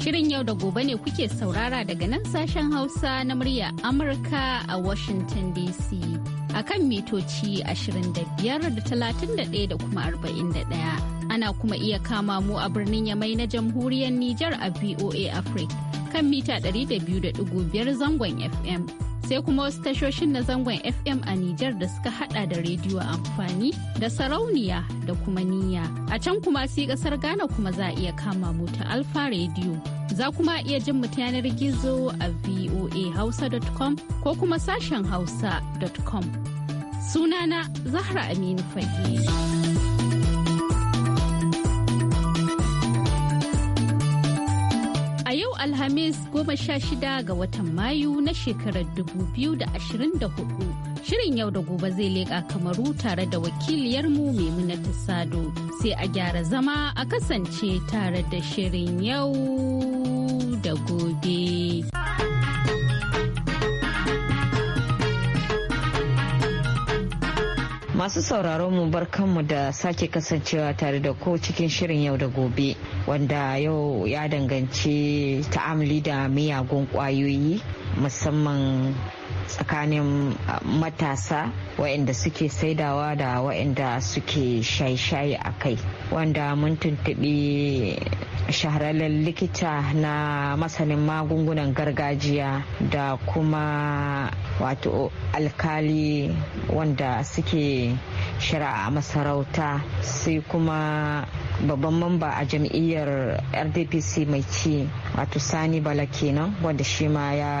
Shirin yau da gobe ne kuke saurara daga nan sashen Hausa na murya Amurka a Washington DC. A kan mitoci 25 da da kuma 41. ana kuma iya kama mu a birnin yamai na jamhuriyar Nijar a VOA Africa kan mita 200.5 zangon FM. sai kuma wasu tashoshin na zangon FM a Nijar da suka hada da rediyo amfani da sarauniya da kuma niyya. A can kuma sai kasar Ghana kuma za a iya kama mu ta Alfa Radio. Za kuma iya jin mu yanar gizo a voahausa.com ko kuma sashen hausa.com. Sunana Zahra Aminu Fage. Alhamis goma sha shida ga watan Mayu na shekarar 2024. Shirin yau da gobe zai leƙa kamaru tare da wakiliyarmu Maimunatu Sado. Sai a gyara zama a kasance tare da shirin yau Masu sauraron mu bar kanmu da sake kasancewa tare da ko cikin shirin yau da gobe wanda yau ya danganci ta'amali da miyagun kwayoyi musamman tsakanin uh, matasa waɗanda suke saidawa da waɗanda suke shaye-shaye a kai wanda mun tuntuɓi shahararren likita na masanin magungunan gargajiya da kuma wato alkali wanda suke shara'a masarauta sai kuma babban mamba a jam'iyyar rdpc mai ci wato sani bala kenan wanda shi ma ya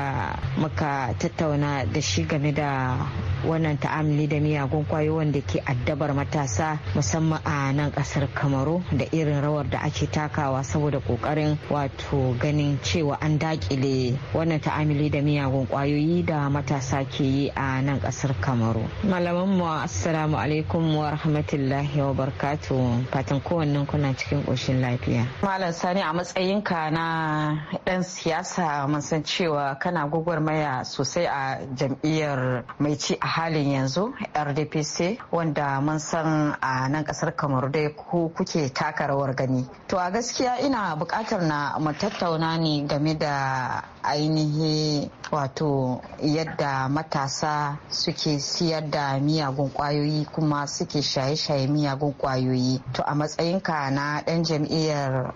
muka tattauna da shi game da wannan ta'amali da miyagun kwayo wanda ke addabar matasa musamman a nan kasar kamaru da irin rawar da ake takawa saboda kokarin wato ganin cewa an dakile wannan ta'amali da miyagun kwayoyi da matasa ke yi a nan kasar kamaru malaman mu assalamu alaikum wa rahmatullahi wa barkatu fatan kowannen kuna cikin ƙoshin lafiya. Malam Sani a matsayinka na ɗan siyasa mun san cewa kana gwagwarmaya sosai a jam'iyyar mai ci a halin yanzu RDPC wanda mun san a nan ƙasar Kamaru dai ku kuke taka rawar gani. To a gaskiya ina buƙatar na mu tattauna ne game da ainihi wato yadda matasa suke siyar da miyagun kwayoyi kuma suke shaye-shaye miyagun kwayoyi. To a matsayinka Ana na ɗan jam'iyyar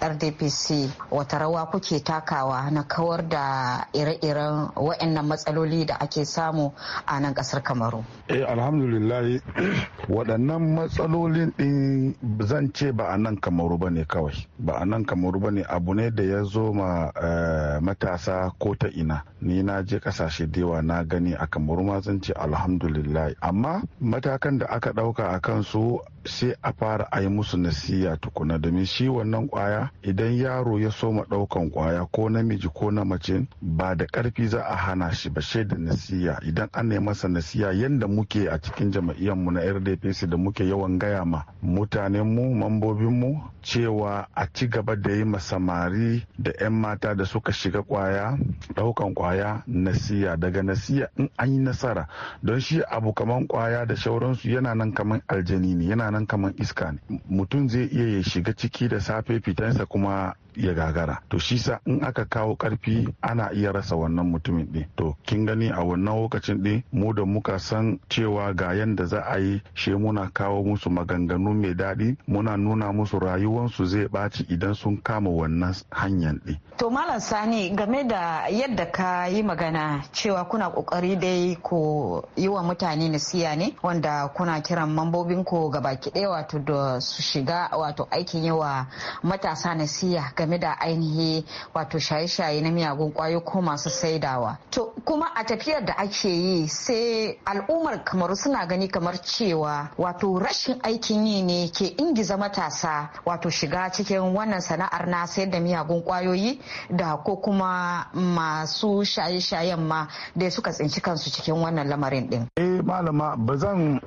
eh, rdpc wata rawa kuke takawa na kawar da ire-iren waɗannan matsaloli da ake samu a nan ƙasar kamaru eh alhamdulillah waɗannan matsalolin ɗin zan ce ba a nan kamaru ba ne kawai ba a nan kamaru ba ne abu ne da ya zo ma eh, matasa ko ta ina ni na je ƙasashe da yawa na gani a kamaru ma zan ce alhamdulillah amma matakan da aka ɗauka a kansu sai a fara a yi musu nasiya tukuna domin shi wannan kwaya idan yaro ya soma ɗaukan kwaya ko namiji ko na mace ba da karfi za a hana shi ba shaida da nasiya idan an yi masa nasiya yadda muke a cikin mu na rdpc da muke yawan gaya ma mutanenmu mambobinmu cewa a ci gaba da yi samari da 'yan mata da suka shiga kwaya ɗaukan kwaya nasiya daga nasiya in an yi nasara don shi abu kaman kwaya da shauransu yana nan kaman aljani ne yana nan kamar iska ne mutum zai iya ya shiga ciki da safe fitansa kuma ya gagara to shi sa in aka kawo karfi ana iya rasa wannan mutumin din to kin gani a wannan lokacin din mu da muka san cewa ga yanda za a yi shi muna kawo musu maganganu mai daɗi muna nuna musu rayuwansu zai ɓaci idan sun kama wannan hanyar din to malam sani game da yadda ka yi magana cewa kuna kokari dai ko yi wa mutane nasiya ne wanda kuna kiran mambobin ku gabaki ɗaya wato da su shiga wato aikin yawa matasa nasiya game da ainihi wato shaye-shaye na miyagun kwayo ko masu saidawa to kuma a tafiyar da ake yi sai al'ummar kamaru suna gani kamar cewa wato rashin aikin yi ne ke ingiza matasa wato shiga cikin wannan sana'ar na sayar da miyagun kwayoyi da ko kuma masu shaye-shayen ma da suka tsinci kansu cikin wannan lamarin din eh malama ba zan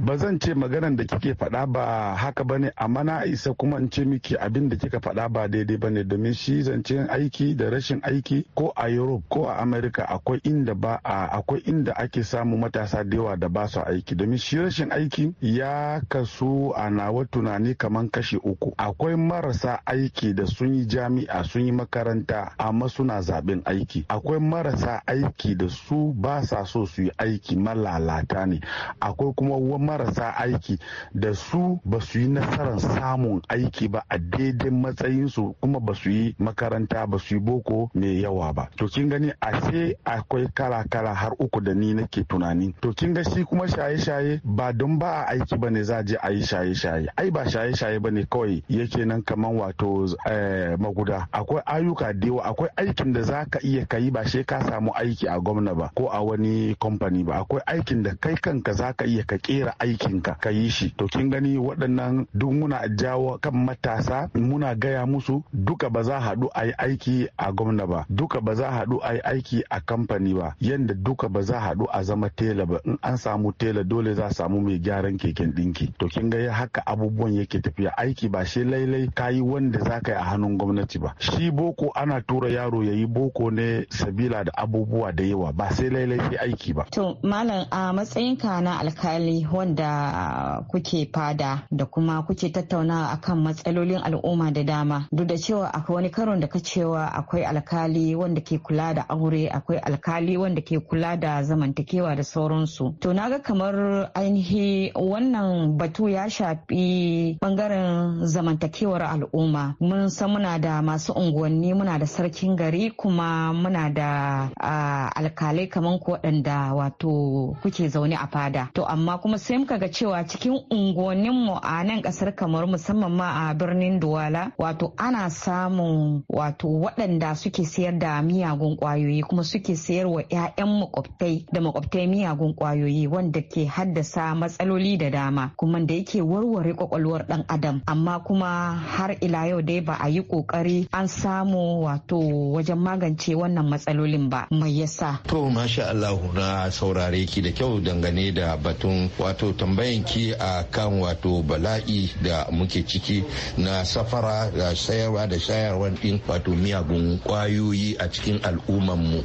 ba zan ce maganan da kike faɗa ba haka ba ne amma na isa kuma in ce miki abin da kika faɗa ba daidai ba ne domin shi zancen aiki da rashin aiki ko a europe ko a america akwai inda ba akwai inda ake samu matasa da yawa da ba su aiki domin shi rashin aiki ya kasu a nawa tunani kamar kashi uku akwai marasa aiki da sun yi jami'a sun yi makaranta amma suna zaben aiki akwai marasa aiki da su ba sa so su yi aiki malalata ne akwai kuma marasa aiki da su ba su yi nasarar samun aiki ba a daidai matsayinsu kuma ba su yi makaranta ba su yi boko mai yawa ba to kin gani a sai akwai kala kala har uku da ni nake tunani to kin ga shi kuma shaye shaye ba don ba a aiki ba ne za a je a yi shaye shaye ai ba shaye shaye ba ne kawai yake nan kaman wato eh, maguda akwai ayyuka da yawa akwai aikin da za ka iya kayi ba sai ka samu aiki a gwamna ba ko a wani kamfani ba akwai aikin da kai kanka za ka iya ka kera aikinka ka yi shi to kin gani waɗannan duk muna jawo kan matasa muna gaya musu duka ba za haɗu a yi aiki a gwamna ba duka ba za haɗu a yi aiki a kamfani ba yadda duka ba za haɗu a zama tela ba in an samu tela dole za samu mai gyaran keken ɗinki to kin ga haka abubuwan yake tafiya aiki ba shi lailai ka yi wanda za ka yi a hannun gwamnati ba shi boko ana tura yaro ya yi boko ne sabila da abubuwa da yawa ba sai lailai sai aiki ba. to malam a matsayinka na alkali abubuwan da kuke fada da kuma kuke tattaunawa kan matsalolin al'umma da dama duk da cewa akwai wani karon da ka cewa akwai alkali wanda ke kula da aure akwai alkali wanda ke kula da zamantakewa da sauransu to na ga kamar ainihi wannan batu ya shafi bangaren zamantakewar al'umma mun san muna da masu unguwanni muna da sarkin gari kuma muna da ah, alkalai kamar ko waɗanda wato kuke zaune a fada to amma kuma sai sai muka ga cewa cikin unguwanninmu a nan kasar kamar musamman ma a birnin Duwala wato ana samun wato waɗanda suke sayar da miyagun kwayoyi kuma suke sayarwa 'ya'yan makwabtai da makwabtai miyagun kwayoyi wanda ke haddasa matsaloli da dama kuma da yake warware kwakwalwar ɗan adam amma kuma har ila yau dai ba a yi ƙoƙari an samu wato wajen magance wannan matsalolin ba mai yasa. To masha Allah na saurare ki da kyau dangane da batun wato wato tambayan ki a kan wato bala'i da muke ciki na safara da sayarwa da shayarwa ɗin wato miyagun kwayoyi a cikin al'ummanmu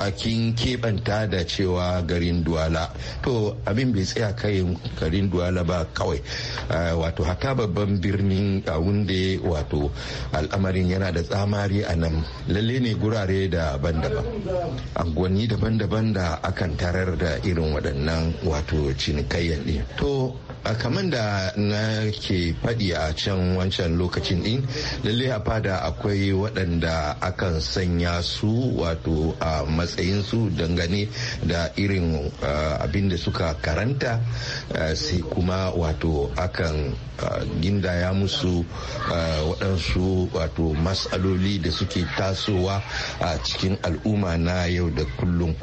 a kin keɓanta da cewa garin duwala to abin bai tsaya kai garin duwala ba kawai wato hata babban birnin a wunde wato al'amarin yana da tsamari a nan lalle ne gurare daban-daban anguwanni daban-daban da akan tarar da irin waɗannan wato cinikai tarayya ya to a kamar da na ke faɗi a can wancan lokacin din lalle a fada akwai waɗanda akan sanya su wato a matsayin su dangane da irin abin da suka karanta sai kuma wato akan gindaya musu waɗansu wato matsaloli da suke tasowa a cikin al'umma na yau da kullum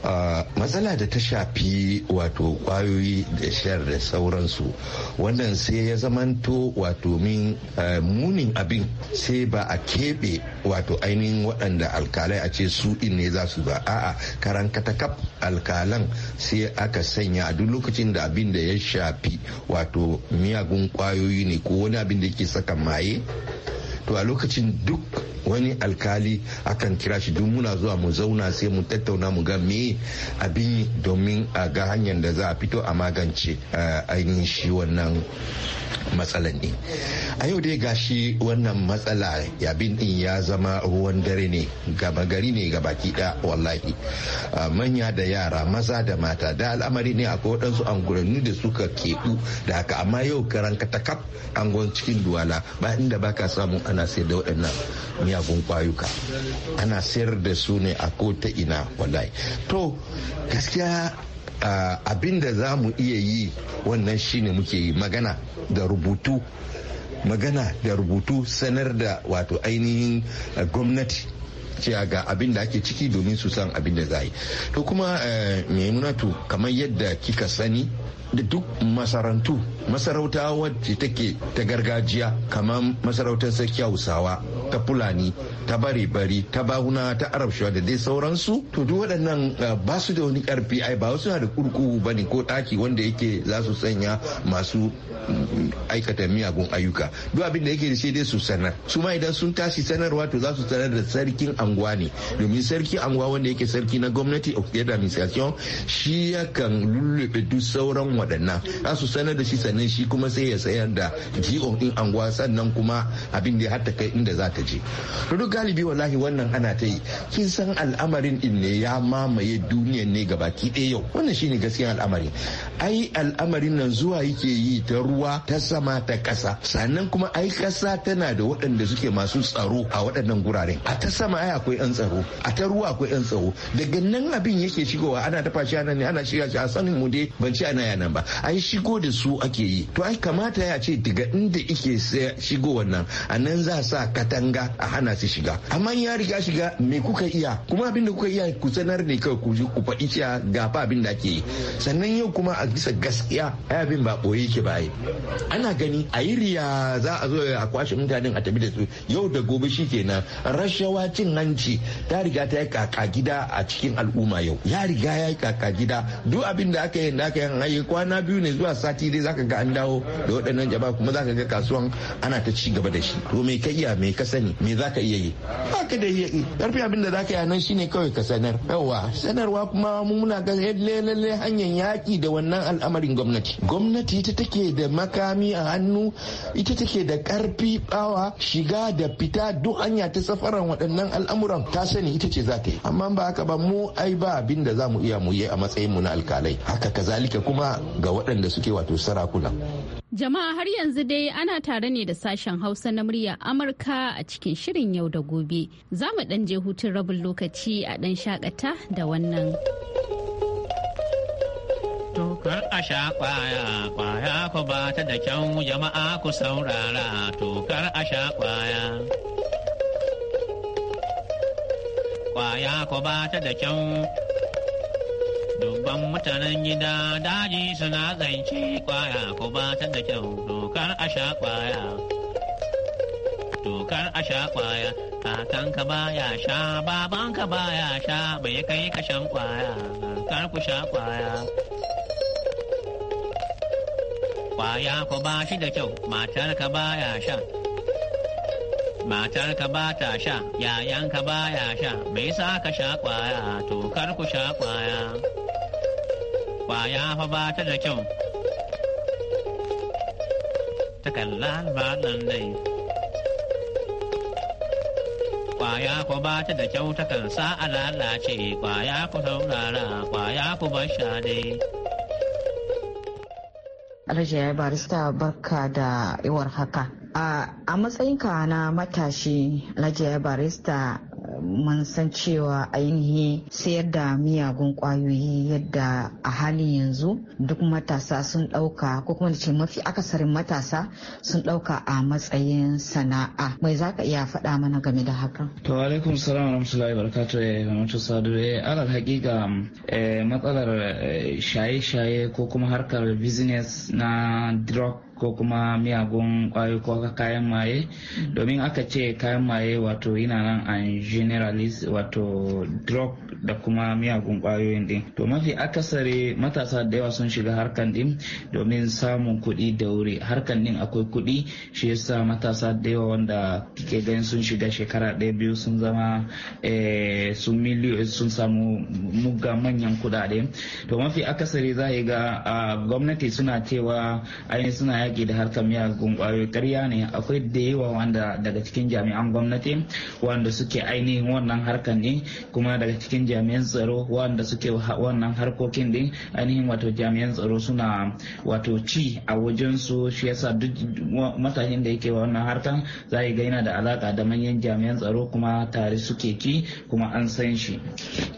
matsala da ta shafi wato kwayoyi da shayar da sauransu wannan sai ya zamanto wato min eh, munin abin sai ba a keɓe wato ainihin waɗanda alkalai a ce su in ne za su ba a'a karan katakaf alkalan sai aka sanya a duk lokacin da abin da ya shafi wato miyagun kwayoyi ne ko wani abin da yake saka maye to a lokacin duk wani alkali akan kira shi duk muna zuwa mu zauna sai mu tattauna mu ga me abin yi domin a ga hanyar da za a fito a magance eh, ainihin shi wannan matsalan ne a yau dai gashi wannan matsala yabin din ya zama ruwan dare ne gaba gari ne ga baki da wallahi eh, manya da yara maza da mata da al'amari ne akwai waɗansu anguranni da suka keɓu da haka amma yau karanka karan kaf angon cikin duwala ba inda baka samun an ana sayar da waɗannan miyagun kwayuka ana sayar da su ne a ko ta ina wallahi to gaskiya Uh, abin da za mu iya yi wannan shine muke yi magana da rubutu magana da rubutu sanar da wato ainihin gwamnati cewa ga abin da ake ciki domin su san abin da za yi to kuma uh, maimunatu kamar yadda kika sani da duk masarantu masarauta wacce take ta gargajiya kamar masarautar sarki hausawa ta fulani ta bare bari ta bahuna ta arab da dai sauransu to duk waɗannan eh, ba su da wani karfi ai ba suna da kurkuku ba ne ko ɗaki wanda yake za su sanya masu mm, aikata miyagun ayyuka duk abin da yake da shi dai su sanar su ma idan sun tashi sanarwa to za su sanar da sarkin anguwa ne domin sarki anguwa wanda yake sarki na gwamnati of the administration shi yakan lullube duk sauran waɗannan za su sanar da shi sannan shi kuma sai ya sayar da ji'on in anguwa sannan kuma abin da ya hatta kai inda za ta je duk galibi wallahi wannan ana ta yi kin san al'amarin din ne ya mamaye duniyan ne gabaki ɗaya yau wannan shine gaskiyan al'amari ai al'amarin nan zuwa yake yi ta ruwa ta sama ta ƙasa sannan kuma ai ƙasa tana da waɗanda suke masu tsaro a waɗannan guraren a ta sama ai akwai ɗan tsaro a ta ruwa akwai ɗan tsaro daga nan abin yake shigowa ana dafa shi ana ne ana shiga shi a sanin mu dai ban ci ana yana nan ba ai shigo da su ake yi to ai kamata ya ce daga inda ike shigo wannan a nan za sa katanga a hana su shiga amma ya riga shiga me kuka iya kuma abin da kuka iya ku sanar ne kawai ku ku faɗi cewa ga fa abin da ake yi sannan yau kuma a bisa gaskiya ai abin ba boye yake ba ana gani a yi riya za a zo a kwashe mutanen a tafi da su yau da gobe shi kenan rashawa cin hanci ta riga ta yi kaka gida a cikin al'umma yau ya riga ya yi kaka gida duk abin da aka yi da aka yi kwana biyu ne zuwa sati dai zaka ga an dawo da waɗannan jaba kuma zaka ga kasuwan ana ta ci gaba da shi to me ka iya me ka sani me zaka iya yi haka da iya yi karfi abin da zaka yi nan shine kawai ka sanar yawa sanarwa kuma mu muna ga lalle hanyar yaki da wannan al'amarin gwamnati gwamnati ita take da makami a hannu ita take da karfi bawa shiga da fita duk hanya ta safaran waɗannan al'amuran ta sani ita ce za yi amma ba haka ba mu ai ba abin da za mu iya mu yi a matsayin mu na alkalai haka kazalika kuma ga waɗanda suke wato sarakuna. Jama'a har yanzu dai ana tare ne da sashen Hausa na murya Amurka a cikin shirin yau da gobe. Za mu ɗan je hutun rabin lokaci a ɗan shakata da wannan. Tokar a sha kwaya, kwaya ku ba ta da kyau jama'a ku saurara, tokar a sha kwaya. Kwaya ku ba ta da kyau babban mutanen gida daji suna zance kwaya ko ba ta da kyau dokar a sha kwaya. Dokar a sha kwaya, kakanka ba ya sha, babanka ba ya sha, bai kai kashan kwaya, kar ku sha kwaya. Kwaya ko ba shi da kyau, matarka ba ya sha. matarka ba ta sha yayanka ba ya sha bai sa ka sha kwaya to kar ku sha kwaya kwaya fa ba ta da kyau. ba nan dai. Kwaya ku ba ta da kyau takan sa a lalace, kwaya ku saurara, kwaya ku bar sha dai. Alhaji ya barista barka da iwar haka. A matsayinka na matashi Alhaji ya barista mun san cewa ainihi sayar da miyagun kwayoyi yadda a halin yanzu duk matasa sun ɗauka ko kuma da ce mafi akasarin matasa sun ɗauka a matsayin sana'a mai za ka iya faɗa mana game da hakan. to alaikum salam rahmatullahi barakatu eh mamatu sadu eh alal hakika eh, matsalar eh, shaye-shaye ko kuma harkar business na drug ko kuma miyagun kwayo ko kayan maye mm. domin aka ce kayan maye wato yana nan an generalist wato drug da kuma miyagun kwayoyin din to mafi akasari matasa da yawa sun shiga harkan din domin samun kuɗi da wuri harkan din akwai kuɗi shi yasa matasa da yawa wanda kike ganin sun shiga shekara ɗaya biyu sun zama eh, sun miliyo sun samu muga manyan kuɗaɗe to mafi akasari za ga ah, gwamnati suna cewa ainihin suna yaƙi da harkar miyagun ƙwayoyin ƙarya ne akwai da yawa wanda daga cikin jami'an gwamnati wanda suke ainihin wannan harkar ne kuma daga cikin jami'an tsaro wanda suke wannan harkokin ne ainihin wato jami'an tsaro suna wato ci a wajen su shi yasa duk matashin da yake wannan harkar za a yi da alaka da manyan jami'an tsaro kuma tare suke ci kuma an san shi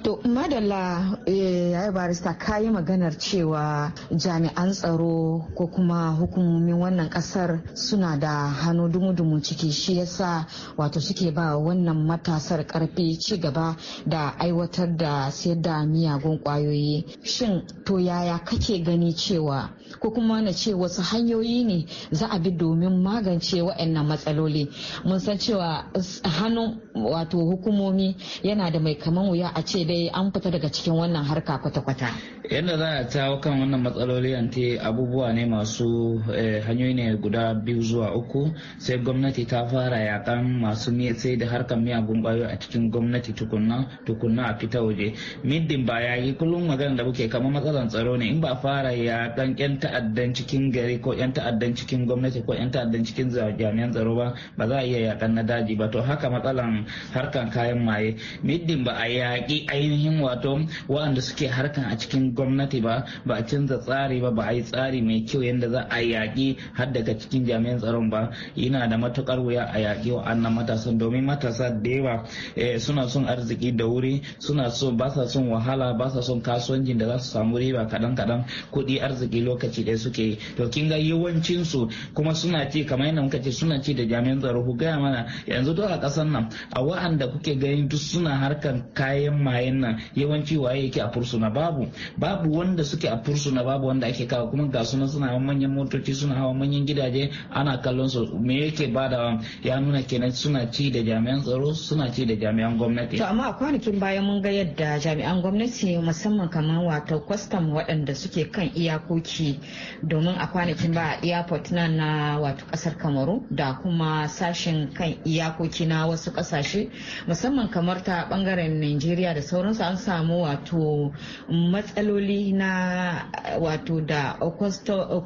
to madalla ya eh, barista kayi maganar cewa jami'an tsaro ko kuma hukumomi hukumomin wannan kasar suna da hannu dumu-dumu ciki shi yasa wato suke ba wannan matasar karfi ci gaba da aiwatar da sayar da miyagun kwayoyi shin to yaya kake gani cewa ko kuma na ce wasu hanyoyi ne za a bi domin magance wa'annan matsaloli mun san cewa hannun wato hukumomi yana da mai kaman wuya a ce dai an fita daga cikin wannan harka kwata-kwata yadda za a kan wannan matsaloli ante abubuwa ne masu eh, hanyoyi ne guda biyu zuwa uku sai gwamnati ta fara yakan masu sai da harkar miyagun bayo a cikin gwamnati tukunna a fita waje middin ba ya yi kullum magana da muke kamar matsalan tsaro ne in ba fara yakan yan ta'addan cikin gari ko yan ta'addan cikin gwamnati ko yan ta'addan cikin jami'an tsaro ba ba za a iya yakan na daji ba to haka matsalan harkan kayan maye middin ba a yaki ainihin wato waɗanda suke harkan a cikin gwamnati ba ba a canza tsari ba ba a yi tsari mai kyau yadda za a yaƙi yaƙi har daga cikin jami'an tsaron ba yana da matukar wuya a yaƙi wa'annan matasan domin matasa da yawa eh, suna son arziki da wuri suna so ba sa son wahala ba sa son kasuwancin da za su samu riba kaɗan kaɗan kuɗi arziki lokaci ɗaya suke to kin ga yawancin su kuma suna ci kamar yadda muka ce suna ci da jami'an tsaro ku gaya mana yanzu duk a ƙasar nan a wa'anda kuke ganin duk suna harkan kayan mayen nan yawanci waye yake a fursuna babu babu wanda suke a fursuna babu wanda ake kawo kuma ga suna suna manyan motoci suna suna hawa manyan gidaje ana kallon su me yake badawa ya nuna kenan suna ci da jami'an tsaro suna ci da jami'an gwamnati to amma a kwanakin baya mun ga yadda jami'an gwamnati musamman kamar wato kwastam waɗanda suke kan iyakoki domin a kwanakin ba airport na na wato kasar kamaru da kuma sashen kan iyakoki na wasu kasashe musamman kamar ta bangaren nigeria da sauransu an samu wato matsaloli na wato da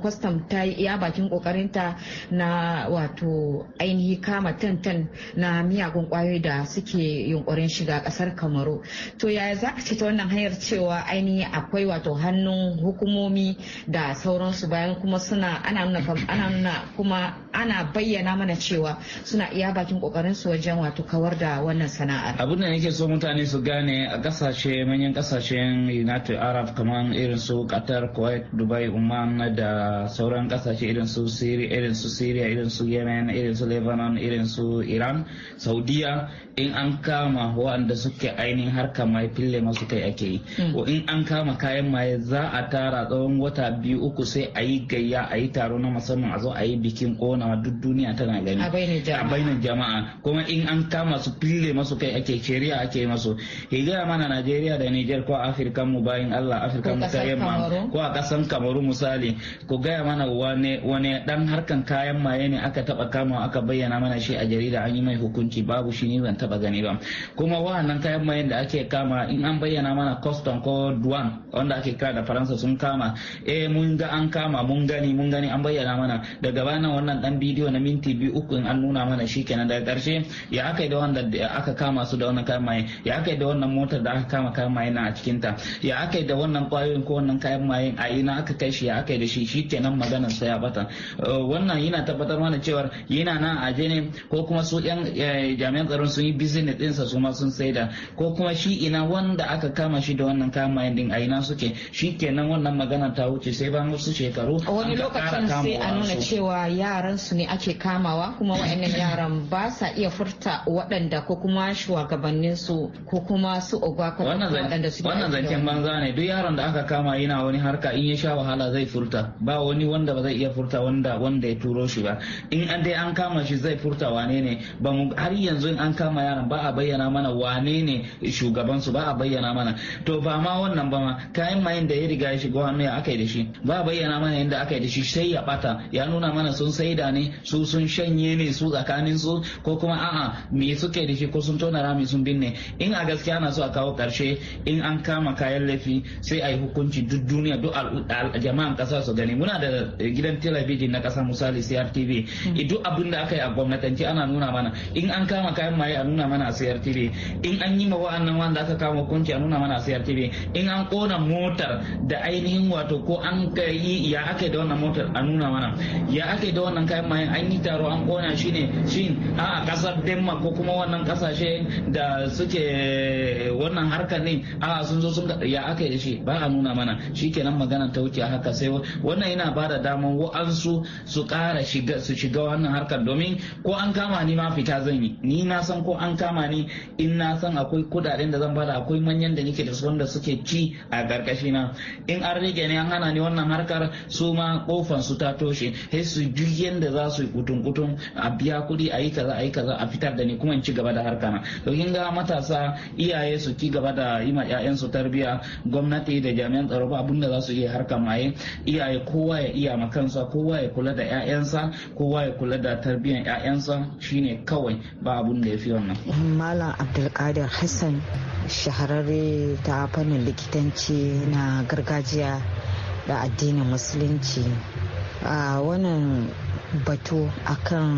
kwastam ta yi iya bakin kokarinta na wato ainihi kama tantan na miyagun kwayoyi da suke yunkurin shiga kasar kamaru to yaya za ka ce ta wannan hanyar cewa ainihi akwai wato hannun hukumomi da sauransu bayan kuma suna ana nuna kuma ana bayyana mana cewa suna iya bakin kokarin su wajen wato kawar da wannan sana'ar abin da nake so mutane su gane a kasashe manyan kasashen united arab kamar irin su qatar kuwait dubai oman da sauran kasashe kasashe irin su irin su syria irin su yemen irin su lebanon irin su iran saudiya in an kama waɗanda suke ainihin harka mai fille masu kai ake yi hmm. in an kama kayan maye za a tara tsawon wata biyu uku sai a yi gayya a yi taro na musamman a zo a yi bikin konawa duk duniya tana gani a bainar jama'a kuma in an kama su fille masu kai ake shari'a ake masu higaya mana najeriya da niger ko afirka mu bayan allah afirka mu ta yamma ko a kasan kamaru misali ku gaya mana wani wani wani dan harkan kayan maye ne aka taba kama aka bayyana mana shi a jarida an yi mai hukunci babu shi ne ban taba gani ba kuma wa'annan kayan mayen da ake kama in an bayyana mana custom ko duan wanda ake kira da faransa sun kama eh mun ga an kama mun gani mun gani an bayyana mana daga bayan wannan dan bidiyo na minti biyu uku in an nuna mana shi kenan daga karshe ya aka yi da wanda aka kama su da wannan kayan maye ya aka yi da wannan motar da aka kama kayan maye na a cikin ta ya aka yi da wannan kwayoyin ko wannan kayan maye a ina aka kai shi ya aka yi da shi shi kenan maganar sa ya bata eh, wannan yana tabbatar mana cewar yana nan aje ne ko kuma su yan eh, jami'an tsaron sun yi business sa su ma sun saida ko kuma shi ina wanda aka kama shi da wannan kama din a ina suke shi kenan wannan magana ta wuce sai ba musu shekaru wani lokacin sai a nuna cewa yaran su ne ake kamawa kuma wa'annan yaran ba sa iya furta waɗanda ko kuma shugabannin su ko kuma su ogwa ko waɗanda suke wannan zancen banza ne duk yaron da aka kama yana wani harka in ya sha wahala zai furta ba wani wanda ba zai iya furta wanda wanda ya turo shi ba in an dai an kama shi zai furta wane ne ba mu har yanzu in an kama yaran ba a bayyana mana wane ne shugaban su ba a bayyana mana to ba ma wannan ba ma kayan ma da ya riga ya shiga hannu ya aka yi da shi ba a bayyana mana yanda aka yi da shi sai ya bata ya nuna mana sun saida ne su sun shanye ne su tsakanin su ko kuma a'a me suke da shi ko sun tona rami sun binne in a gaskiya na so a kawo karshe in an kama kayan laifi sai a yi hukunci duk duniya duk jama'an kasa su gani muna da eh, gidan gidan talabijin na kasa misali CRTV hmm. eh, duk abin da aka yi a gwamnatanci ana nuna mana in an kama kayan maye a nuna mana a CRTV in an yi mawa annan wanda aka kama hukunci a nuna mana a CRTV in an kona motar da ainihin wato ko an yi ya aka da wannan motar a nuna mana ya aka da wannan kayan maye an yi taro an kona shi ne shin a kasar Denmark ko kuma wannan kasashe da suke eh, wannan harkar ne a sun zo sun ya aka yi da shi ba a nuna mana shikenan magana ta wuce haka sai wannan yana bada damar wa'ansu su ƙara su shiga wannan harkar domin ko an kama ni ma fita zan yi ni na san ko an kama ni in na san akwai kudaden da zan bada akwai manyan da nake da su wanda suke ci a ƙarƙashi na in an rage ne an hana ni wannan harkar su ma kofan su ta toshe sai su ji yanda za su kutun kutun a biya kuɗi a yi kaza a yi kaza a fitar da ni kuma in ci gaba da harka na to kin ga matasa iyaye su ci gaba da yi ma 'ya'yansu tarbiyya gwamnati da jami'an tsaro ba abin da za su iya harkar maye iyaye kowa ya iya ma kansu kansa kowa ya kula da 'ya'yansa kowa ya kula da tarbiyyar 'ya'yansa shine kawai ba abun da ya fi wannan malam abdulkadir hassan shahararre ta fannin likitanci na gargajiya da addinin musulunci a wannan batu akan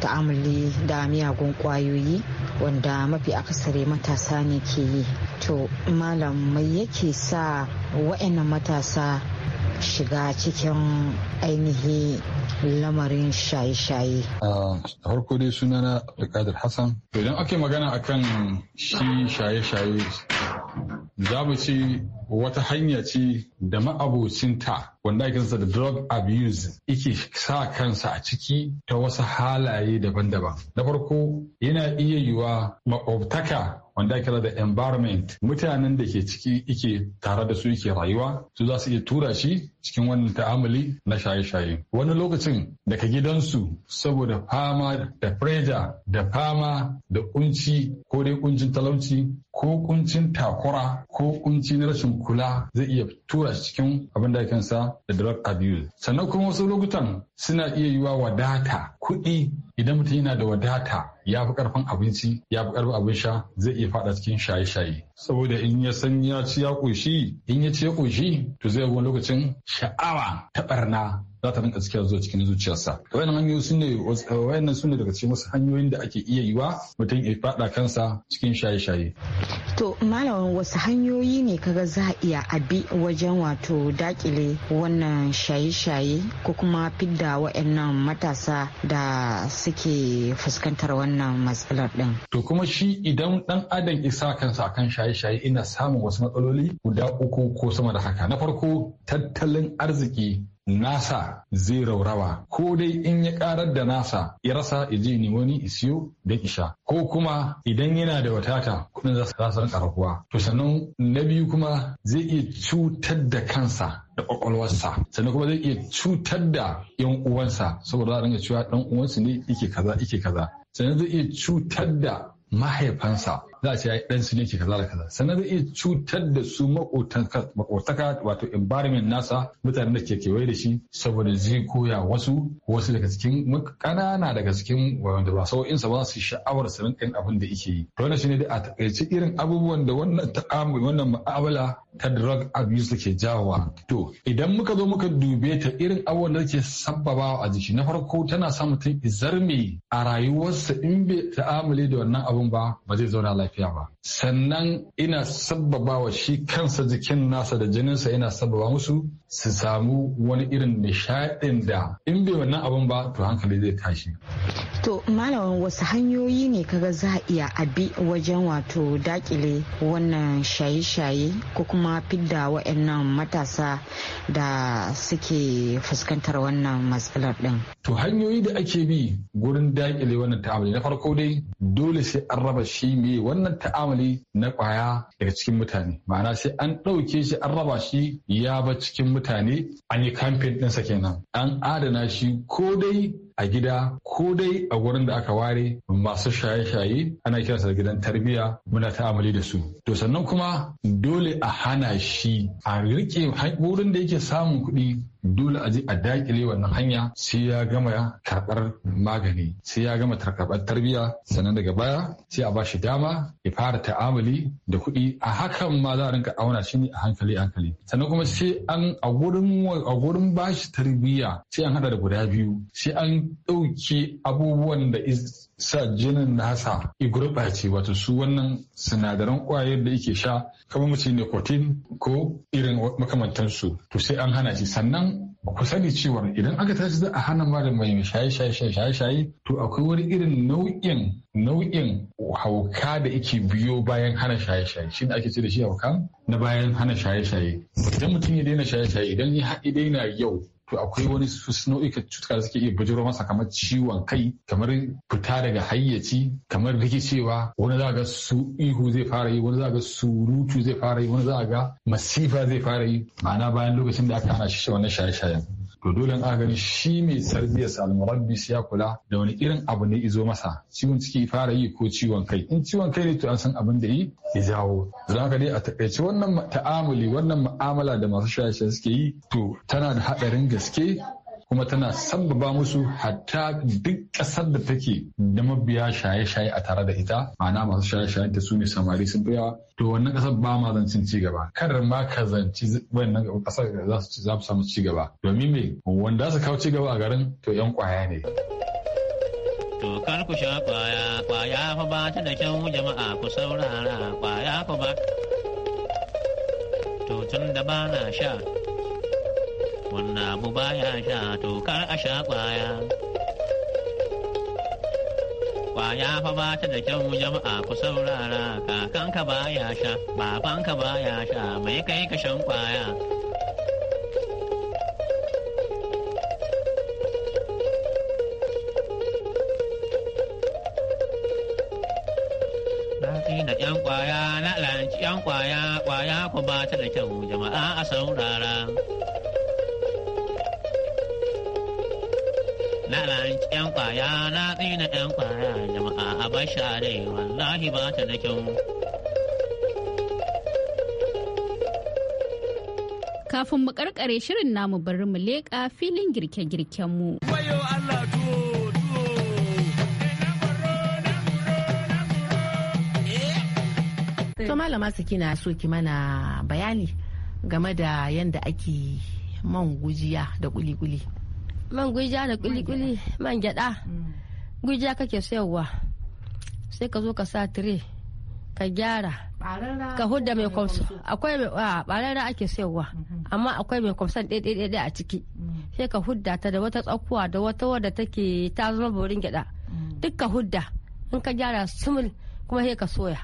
ta'amali da miyagun kwayoyi wanda mafi akasare matasa ne ke yi to malam mai yake sa wa'annan matasa shiga cikin ainihi lamarin shaye-shaye. harko dai sunana Abdulkadir Hassan. Idan ake magana akan shi shaye-shaye za mu ce wata hanya ce da ma'abocinta wanda ake da drug abuse yake sa kansa a ciki ta wasu halaye daban-daban. Na farko yana iya yiwa makwabtaka wanda kira da environment mutanen da ke ciki ike tare da su ke rayuwa su za su iya tura shi cikin wannan ta'amali na shaye-shaye wani lokacin daga gidansu saboda fama da preja da fama da kunci ko dai kuncin talauci ko kuncin takura ko kuncin rashin kula zai iya tura shi cikin abin da ake sa da drug abuse sannan kuma wasu lokutan suna iya yiwa wadata kuɗi idan mutum yana da wadata ya fi karfin abinci ya fi karfin abin sha zai iya fada cikin shaye-shaye saboda in ya san ya ci ya ƙoshi in ya ci ya ƙoshi to zai yi lokacin sha'awa ta barna za ta rinka tsakiya zuwa cikin zuciyarsa wayannan hanyoyi sun ne sun ne daga cikin wasu hanyoyin da ake iya yi wa mutum ya fada kansa cikin shaye-shaye to malamin wasu hanyoyi ne kaga za a iya abi wajen wato dakile wannan shaye-shaye ko kuma fidda wayannan matasa da suke fuskantar wannan matsalar din to kuma shi idan dan adam isa kansa akan shaye-shaye ina samun wasu matsaloli guda uku ko sama da haka na farko tattalin arziki nasa zai raurawa ko dai in ya karar da nasa ya rasa je, ne wani isiyo da isha ko kuma idan yana da watata kudin za su rinka raguwa to sannan na biyu kuma zai iya cutar da kansa da kwakwalwarsa sannan kuma zai iya cutar da yan uwansa saboda za a ringa cewa dan uwansu ne yake kaza yake kaza sannan zai iya cutar da mahaifansa za a ce dan su ne ke kaza da kaza sannan zai iya cutar da su makotaka wato environment nasa mutane da ke kewaye da shi saboda zai koya wasu wasu daga cikin kanana daga cikin wanda ba sa ba su sha'awar sanin ɗin abin da yake yi to wannan shine da a takaice irin abubuwan da wannan ta'amuli wannan mu'amala ta drug abuse da ke jawowa to idan muka zo muka dube ta irin abubuwan da ke sabbaba a jiki na farko tana sa mutum izarme a rayuwarsa in bai ta'amuli da wannan abun ba ba zai zauna lafiya lafiya ba sannan ina sabbaba wa shi kansa jikin nasa da jininsa yana sabbaba musu su samu wani irin nishaɗin da in bai wannan abin ba to hankali zai tashi. To malamin wasu hanyoyi ne kaga za a iya abi wajen wato dakile wannan shaye-shaye ko kuma fidda wa'annan matasa da suke fuskantar wannan matsalar ɗin. To hanyoyi da ake bi gurin dakile wannan ta'amali na farko dai dole sai an raba shi me wannan ta'amali na kwaya daga cikin mutane ma'ana sai an ɗauke shi an raba shi ya ba cikin mutane an yi kamfen ɗinsa kenan an adana shi ko dai a gida ko dai a wurin da aka ware masu shaye-shaye ana kira da gidan tarbiyya muna ta'amali da su to sannan kuma dole a hana shi a rike wurin da yake samun kuɗi dole a je a dakile wannan hanya sai ya gama karɓar magani sai ya gama karɓar tarbiyya sannan daga baya sai a bashi dama ya fara ta'amali da kuɗi a hakan ma za a rinka auna shi ne a hankali hankali sannan kuma sai an a gurin a gurin bashi tarbiyya sai an hada da guda biyu sai an Ɗauke abubuwan da isa jinin nasa ya gurɓace wato su wannan sinadaran ƙwayar da yake sha kamar mace kotin ko irin makamantansu to sai an hana shi sannan ku sani cewa idan aka tashi za a hana mara mai shaye shaye shaye shaye to akwai wani irin nau'in nau'in hauka da yake biyo bayan hana shaye shaye shi ake ce da shi hauka na bayan hana shaye shaye idan mutum ya daina shaye shaye idan ya haɗi daina yau to akwai wani nau'ikan cutuka da suke iya bajiro masa kamar ciwon kai kamar fita daga hayyaci kamar rikicewa wani za ga su ihu zai fara yi wani za ga surutu zai fara yi wani za ga masifa zai fara yi ma'ana bayan lokacin da aka hana shi wannan shaye-shayen to dole in aka shi mai sarbiya almurabbi shi ya kula da wani irin abu ne izo masa ciwon ciki fara yi ko ciwon kai in ciwon kai ne to an san abin da yi ya jawo don haka dai a takaice wannan ta'amuli wannan mu'amala da masu shaye suke yi to tana da haɗarin gaske kuma tana sabbaba musu hatta duk ƙasar da take da mabiya shaye-shaye a tare da ita ma'ana masu shaye shaye ta su ne samari sun fi yawa to wannan ƙasar ba ma zancin ci gaba kar ma ka zanci wannan ƙasar za su samu ci gaba domin me wanda su kawo ci gaba a garin to 'yan kwaya ne. To kar ku sha kwaya, kwaya fa ba ta da kyau jama'a ku saurara kwaya fa ba. To tun da ba na sha, wannan mu baya sha to kar a sha kwaya kwaya fa ba ta da kyau jama'a ku saurara kakanka baya sha babanka baya sha mai kai ka shan kwaya yan kwaya na lanci yan kwaya kwaya ku ba ta da kyau jama'a a saurara kwaya na tsina yan kwaya jama'a a bashare wallahi ba ta kyau kafin mu karkare shirin namu bari mu leƙa filin girke-girkenmu. To malama su kina so ki mana bayani game da yadda ake man gujiya da kuli man guja da kuli-kuli man gyada mm. guja kake sayarwa sai ka zo ka sa tire ka gyara ka hudda mai kwamsa akwai mai barara ake sayarwa mm-hmm. amma akwai mai kwamsa ɗaiɗaiɗaiɗai a ciki mm. sai ka hudda ta da wata tsakuwa da wata wadda take ta zama borin gyada mm. duk ka hudda in ka gyara sumul kuma sai ka soya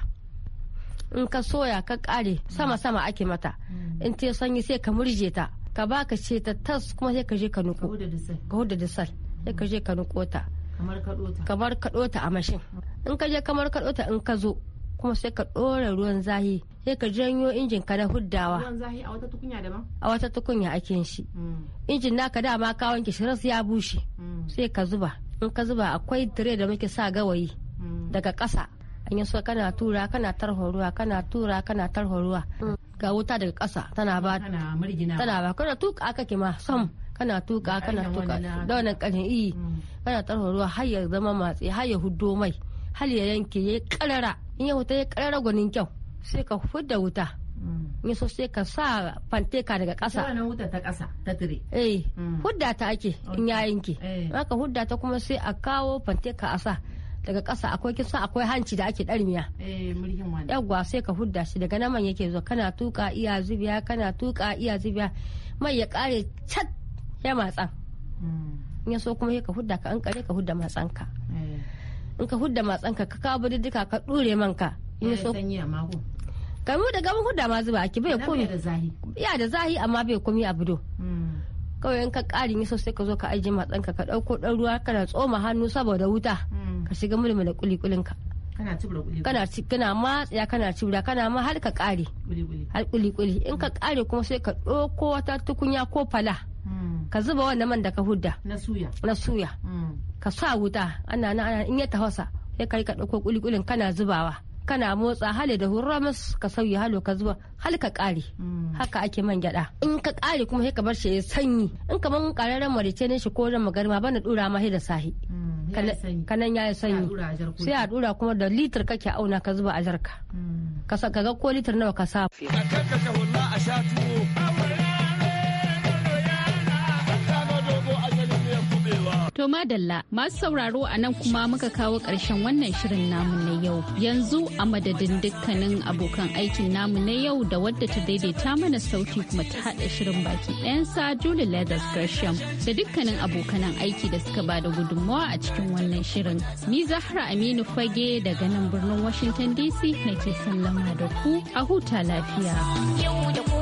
in ka soya ka kare sama sama ake mata in te sanyi sai ka murje ta ka ba ka ce ta tas kuma sai ka je ka nuko ka huda da sal sai ka je ka nuko ta kamar ka dota a mashin in ka je kamar ka dota in ka zo kuma sai ka ɗora ruwan zahi sai ka janyo injin ka na huddawa a wata tukunya ake shi mm. injin naka dama ka wanke shi ras ya bushe mm. sai ka zuba in ka zuba akwai tire da muke sa gawayi mm. daga ƙasa in ya so kana tura kana tarho ruwa kana tura kana tarho ruwa ga wuta daga kasa tana ba tana ba kana tuka aka ma sam kana tuka kana tuka da wannan ƙarin iyi mm. kana tarho ruwa har ya zama matsi har ya huddo mai har ya yanke ya karara in ya wuta ya karara gwanin kyau sai ka fudda wuta mm. in so sai ka sa fanteka daga kasa ta Ita wuta ta kasa ta tire. Eh, mm. hudda ta ake in ya yanke. Eh. Aka hudda ta kuma sai a kawo fanteka a sa. daga ƙasa akwai kisa akwai hanci da ake ɗarmiya eh, yawwa sai ka hudda shi daga naman yake zo kana tuka iya zubiya kana tuka iya zubiya mai ya ƙare cat ya matsa hmm. in ya so kuma ka hudda ka an ƙare ka hudda matsanka eh. in ka hudda matsanka ka kawo duka ka ɗure manka in ya eh, so mu da mun hudda ma zuba ake bai komi ya da zahi amma bai komi a bido hmm. kawai in ka ƙarin yi sai ka zo ka ajiye matsanka ka ɗauko ɗan ruwa kana tsoma hannu saboda wuta hmm. ka shiga mulmula kulikulin ka kana ci kana matsaya kana cibra kana ma har ka kare har kulikuli in ka kare kuma sai ka ɗauko wata tukunya ko fala hmm. ka zuba wannan man da ka hudda na suya hmm. ka sa wuta ana na in ya tahosa sai ka rika ɗauko kulikulin kana zubawa kana motsa hali da masu ka sauya halo ka zuwa hali ka kare mm. haka ake man gyada in ka kare kuma sai ka bar shi ya sanyi in ka man kararren marice ne shi ko ran magarma bana dura ma da sahi mm, kanan ya yi sanyi sai a dura kuma da litir kake auna ka zuba a jarka mm. ka ga ko litir nawa ka sa a To madalla masu sauraro a nan kuma muka kawo ƙarshen wannan shirin namu na yau. Yanzu a madadin dukkanin abokan aikin namu na yau da wadda ta daidaita mana sauti kuma ta haɗa shirin baki ɗayansa Julie Leathers Gresham da dukkanin abokan aiki da suka bada gudunmawa a cikin wannan shirin. Ni Zahra Aminu Fage daga nan birnin Washington DC nake sallama da ku a huta lafiya. Yau da